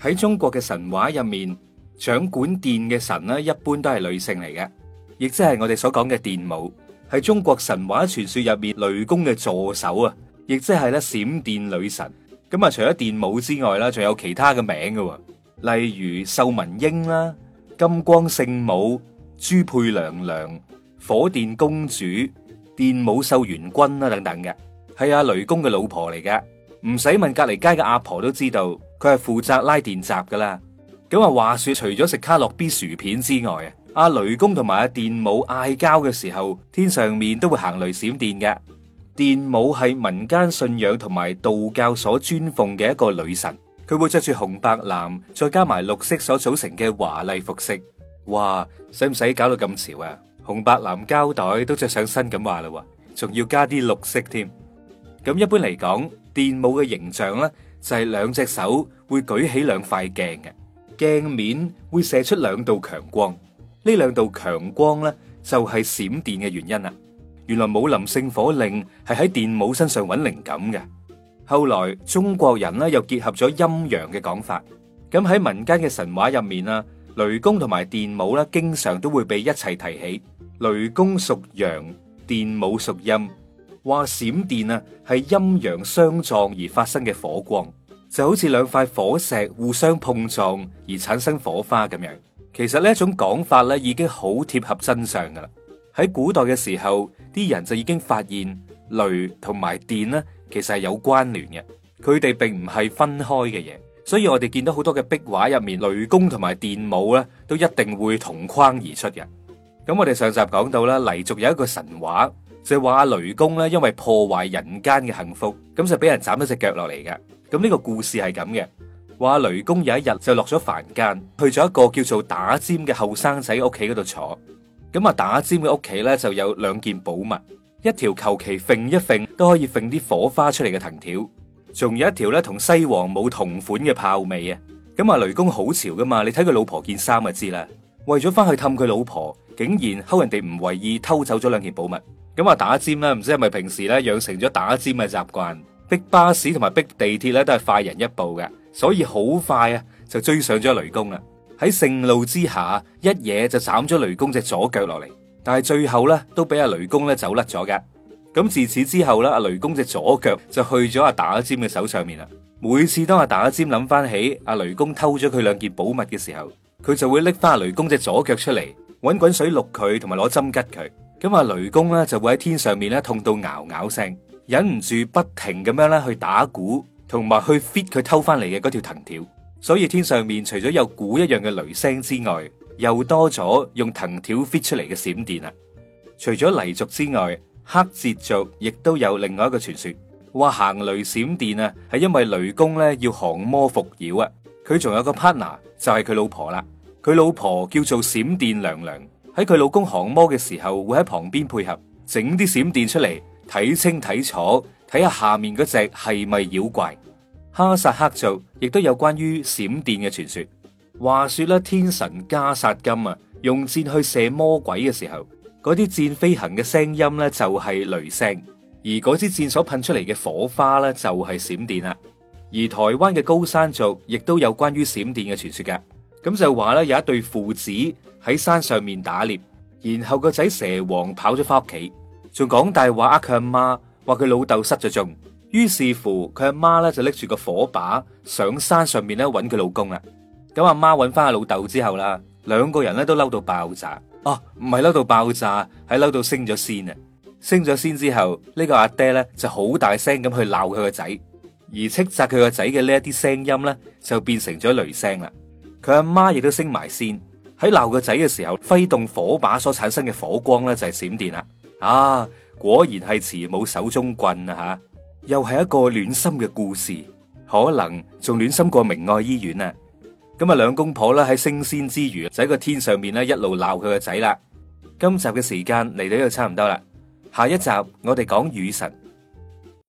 喺中國嘅神話入面，掌管電嘅神咧，一般都係女性嚟嘅，亦即係我哋所講嘅電母。喺中國神話傳說入面，雷公嘅助手啊，亦即係咧閃電女神。咁啊，除咗電母之外啦，仲有其他嘅名噶，例如壽文英啦、金光聖母、朱佩娘娘、火電公主、電母壽元君啦等等嘅，係阿雷公嘅老婆嚟嘅，唔使問隔籬街嘅阿婆都知道。佢係負責拉電閘噶啦。咁啊，話說除咗食卡洛 B 薯片之外，阿雷公同埋阿電母嗌交嘅時候，天上面都會行雷閃電嘅。電母係民間信仰同埋道教所尊奉嘅一個女神，佢會着住紅白藍再加埋綠色所組成嘅華麗服飾。哇，使唔使搞到咁潮啊？紅白藍膠袋都着上身咁話啦，仲要加啲綠色添。咁一般嚟講，電母嘅形象咧，就係兩隻手會舉起兩塊鏡嘅。鏡面會射出兩道強光，呢兩道強光呢，就係閃電嘅原因啦。原來武林聖火令係喺電母身上揾靈感嘅，後來中國人呢，又結合咗陰陽嘅講法。咁喺民間嘅神話入面啦，雷公同埋電母呢，經常都會被一齊提起。雷公屬陽，電母屬陰。話閃電啊，係陰陽相撞而發生嘅火光，就好似兩塊火石互相碰撞而產生火花咁樣。其實呢種講法咧，已經好貼合真相噶啦。喺古代嘅時候，啲人就已經發現雷同埋電咧，其實係有關聯嘅，佢哋並唔係分開嘅嘢。所以我哋見到好多嘅壁畫入面，雷公同埋電母咧，都一定會同框而出嘅。咁我哋上集講到啦，黎族有一個神話。就話阿雷公咧，因為破壞人間嘅幸福，咁就俾人斬咗隻腳落嚟嘅。咁呢個故事係咁嘅，話阿雷公有一日就落咗凡間，去咗一個叫做打尖嘅後生仔屋企嗰度坐。咁啊，打尖嘅屋企咧就有兩件寶物，一條求其揈一揈都可以揈啲火花出嚟嘅藤條，仲有一條咧同西王母同款嘅炮尾啊。咁啊，雷公好潮噶嘛，你睇佢老婆件衫就知啦。為咗翻去氹佢老婆，竟然偷人哋唔為意偷走咗兩件寶物。咁話打尖啦，唔知係咪平時咧養成咗打尖嘅習慣，逼巴士同埋逼地鐵咧都係快人一步嘅，所以好快啊就追上咗雷公啦。喺盛怒之下，一嘢就斬咗雷公隻左腳落嚟。但係最後咧都俾阿雷公咧走甩咗嘅。咁自此之後咧，阿雷公隻左腳就去咗阿打尖嘅手上面啦。每次當阿打尖諗翻起阿雷公偷咗佢兩件寶物嘅時候，佢就會拎翻阿雷公隻左腳出嚟，搵滾水渌佢同埋攞針拮佢。咁啊，雷公咧就會喺天上面咧痛到咬咬聲，忍唔住不停咁樣咧去打鼓，同埋去 fit 佢偷翻嚟嘅嗰條藤條。所以天上面除咗有鼓一樣嘅雷聲之外，又多咗用藤條 fit 出嚟嘅閃電啊！除咗黎族之外，赫哲族亦都有另外一個傳說，話行雷閃電啊，係因為雷公咧要降魔伏妖啊。佢仲有個 partner 就係佢老婆啦，佢老婆叫做閃電娘娘。喺佢老公降魔嘅時候，會喺旁邊配合整啲閃電出嚟，睇清睇楚，睇下下面嗰隻係咪妖怪？哈薩克族亦都有關於閃電嘅傳說。話說咧，天神加薩金啊，用箭去射魔鬼嘅時候，嗰啲箭飛行嘅聲音咧就係雷聲，而嗰支箭所噴出嚟嘅火花咧就係閃電啦。而台灣嘅高山族亦都有關於閃電嘅傳說㗎。咁就話咧，有一對父子喺山上面打獵，然後個仔蛇王跑咗翻屋企，仲講大話，呃佢阿媽話佢老豆失咗蹤。於是乎，佢阿媽咧就拎住個火把上山上面咧揾佢老公啦。咁阿媽揾翻阿老豆之後啦，兩個人咧都嬲到爆炸哦，唔係嬲到爆炸，係嬲到升咗仙。啊！升咗仙之後，呢、這個阿爹咧就好大聲咁去鬧佢個仔，而斥責佢個仔嘅呢一啲聲音咧就變成咗雷聲啦。佢阿媽亦都升埋仙，喺鬧個仔嘅時候，揮動火把所產生嘅火光咧就係閃電啦。啊，果然係慈母手中棍啊！吓，又係一個暖心嘅故事，可能仲暖心過明愛醫院啊。咁啊，兩公婆咧喺升仙之餘就喺個天上面咧一路鬧佢個仔啦。今集嘅時間嚟到呢度差唔多啦，下一集我哋講雨神。